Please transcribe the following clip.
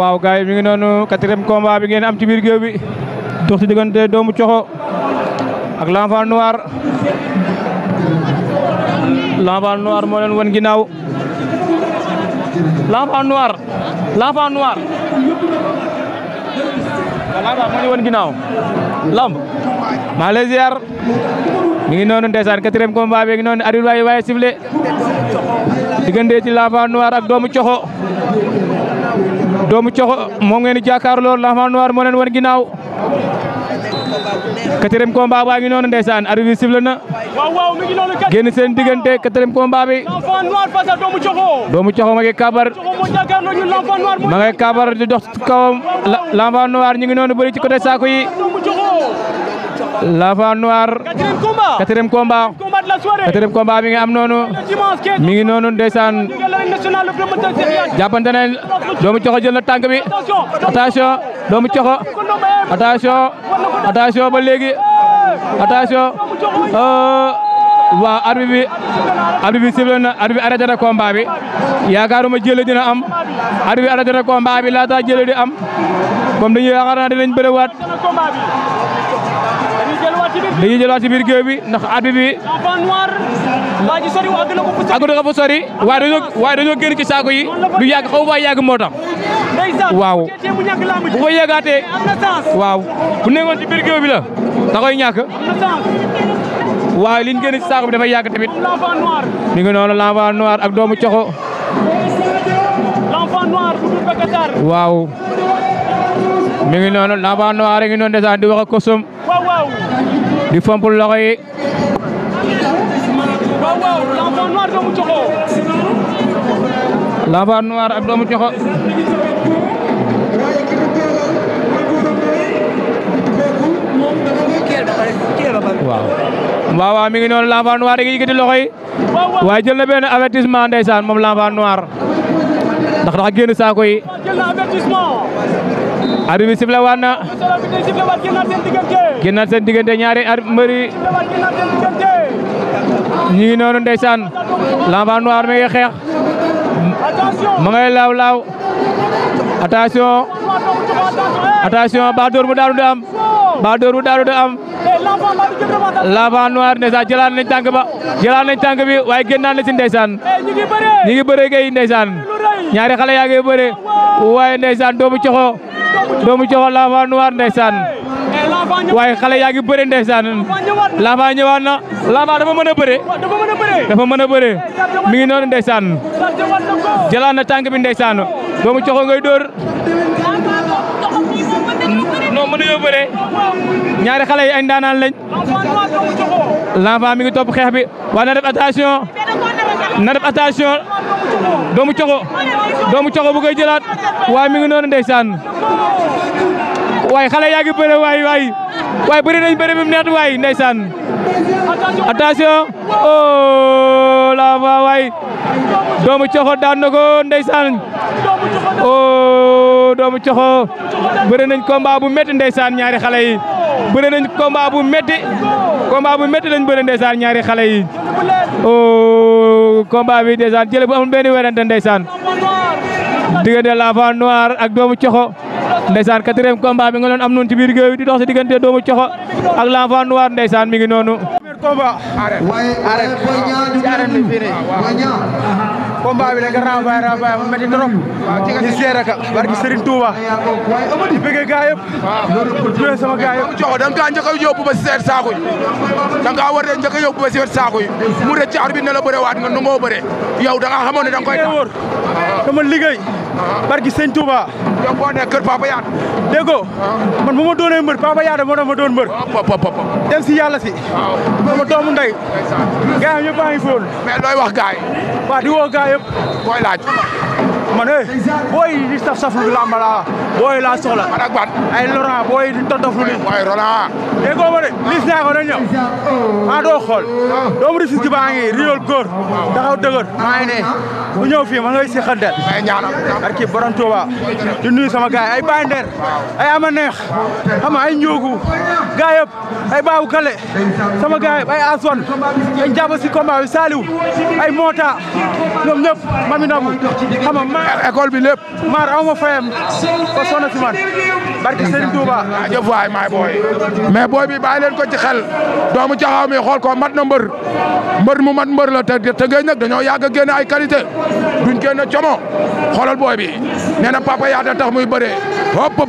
waaw gars yi mi ngi noonu quatrième combat bi ngeen am ci biir géew bi diggante doomu coxo ak l'enfant noir l'enfant noir moo leen won ginnaaw l'enfant noir l'enfant noir moo ñu won ginnaaw lamb maa mi ngi noonu ndeysaan quatrième combat bi ngi noonu arbitre waaye waaye sifflé diggante ci l'enfant ak doomu coxo doomu coxo moo ngeen di jàkkaarloo l'enfant noir moo leen wan ginnaaw quatrième combat baa ngi noonu ndeysaan arbitre bi sifflé na génn seen diggante quatrième combat bi doomu coxo ma ngi kabar ma ngi kabar di dox kawam ngi noonu bëri ci côté saako l'enfant noir quatrième combat quatrième combat mi ngi am noonu mi ngi noonu ndeysaan jàppante nañ doomu coxo jël na tànk bi attention doomu coxo attention attention ba léegi attention euh, waaw arbitre bi arbitre bi sifflé na arbitre bi arrêté na combat bi dina am arbitre bi arrêté na combat bi laata di am comme dañuy yaakaar naa dinañ bëre dañuy jëlaat ci biir géew bi ndax arbitre bi. waa ji sori àgg na ko fu sori àgg na ko fu sori ci saako yi du yàgg xaw ma yàgg moo tax. waaw bu ko yàggaatee waaw bu nekkoon ci géew bi la da ñàkk. waaye li ñu génn ci saako bi dafay yàgg tamit mi ngi noonu l'enfant noir ak doomu coxo. waaw mi ngi noonu l'enfant noir a ngi noonu desaan di wax ak kosum. di fomp loxo yi l'enfant noir doomu coxo waaw waaw waaw mi ngi noonu l'enfant noir yi ngi yëkkati loxo yi waaye jël na benn avertissement ndeysaan moom l'enfant noir ndax dafa génn saako yi arbitre bi sifflé waat na ginnal seen diggante ñaari ar mbëri ñu ngi noonu ndeysaan l'enfant noir mi ngi xeex ma ngay laaw laaw attention attention ba dóor bu daanu du am ba dóor bu daanu du am l'enfant noir ndeysaan jëlaat nañ tànk ba jëlaat nañ tànk bi waaye génnaat na si ndeysaan ñi ngi bëree kay ndeysaan ñaari xale yaa ngi bëree waaye ndeysaan doomu coxo doomu coxo l'enfant noir ndeysaan waaye xale yaa ngi bëre ndeysaan Lafa ñëwaat na Lafa dafa mën a bëre dafa mën a bëre mi ngi noonu ndeysaan jalaat na tànk bi ndeysaan doomu coxo ngay dóor non mën nañoo ñaari xale yi ay ndaanaan lañ Lafa mi ngi topp xeex bi waaye na def attention na def attention doomu coxo doomu coxo bu koy jëlaat waaye mi ngi noonu ndeysaan waaye xale yaa ngi bëre waay waay waaye bëri nañ bëri bi mu neex waay ndeysaan attention oh doomu coxo daan na ko ndeysaan oh doomu coxo bëri nañ combat bu métti ndeysaan ñaari xale yi bëri nañ combat bu métti combat bu métti lañ bëri ndeysaan ñaari xale yi oh combat bi ndeysaan jële bu amul benn werante diggante l'enfant noir ak doomu coxo ndeysaan quatrième combat bi nga doon am noonu ci biir géew di dox si diggante doomu coxo ak l'enfant noir ndeysaan mi ngi noonu. premier combat combat bi nag renvoyé renvoyé mu métti trop. ñu seere ka barki Serigne Touba. di bëgg gaa yëpp. waaw sama gaa yëpp. jox da nga kaa njëkk a yóbbu ba si seet saako yi da nga war a njëkk a yóbbu ba si seet saako yi mu rëcc ci arbitre bi ne la bëre waat nga nangoo bare yow da nga xamoon ne da nga koy. waaw dama liggéey. barki sëñ Touba. yow boo nee kër Papa Yade. dégg ah. man bu ma doonee mbër Papa Yade moo tax ma doon mbër. Oh, dem si yàlla si. waaw ma doomu ndey. gaa yi ñëpp a ngi fóon. mais wax gaa waa di woo gaa laaj. man eh booy di saf saflu booy laa ay Laurent booy di tontoflu li. waaye Laurent. dégg ma de lis naa ko na ñëw ah doo xool doomu di fis gi baa ngi riyool góor taxaw dëgër maa ngi ne bu ñëw fii ma ngay si xandel barki borom Tuuba di nuyu sama gaay ay Baye Nder ay ama neex xam nga ay njoogu gaay yëpp ay baabu kale sama gaay ay aswan dañ jàpp si combat bi Saliou ay moota ñoom ñëpp mami nabu xam école bi lépp. maar aw ma fayam ko sonn ci man. barke Serigne Touba. jëf waay maay booy. mais booy bi bàyyi leen ko ci xel. doomu Jaxaaw mi xool ko mat na mbër. mbër mu mat mbër la te te ngay nag dañoo yàgg a génne ay qualité. duñ génne como xoolal booy bi nee na papa yaata tax muy bëree.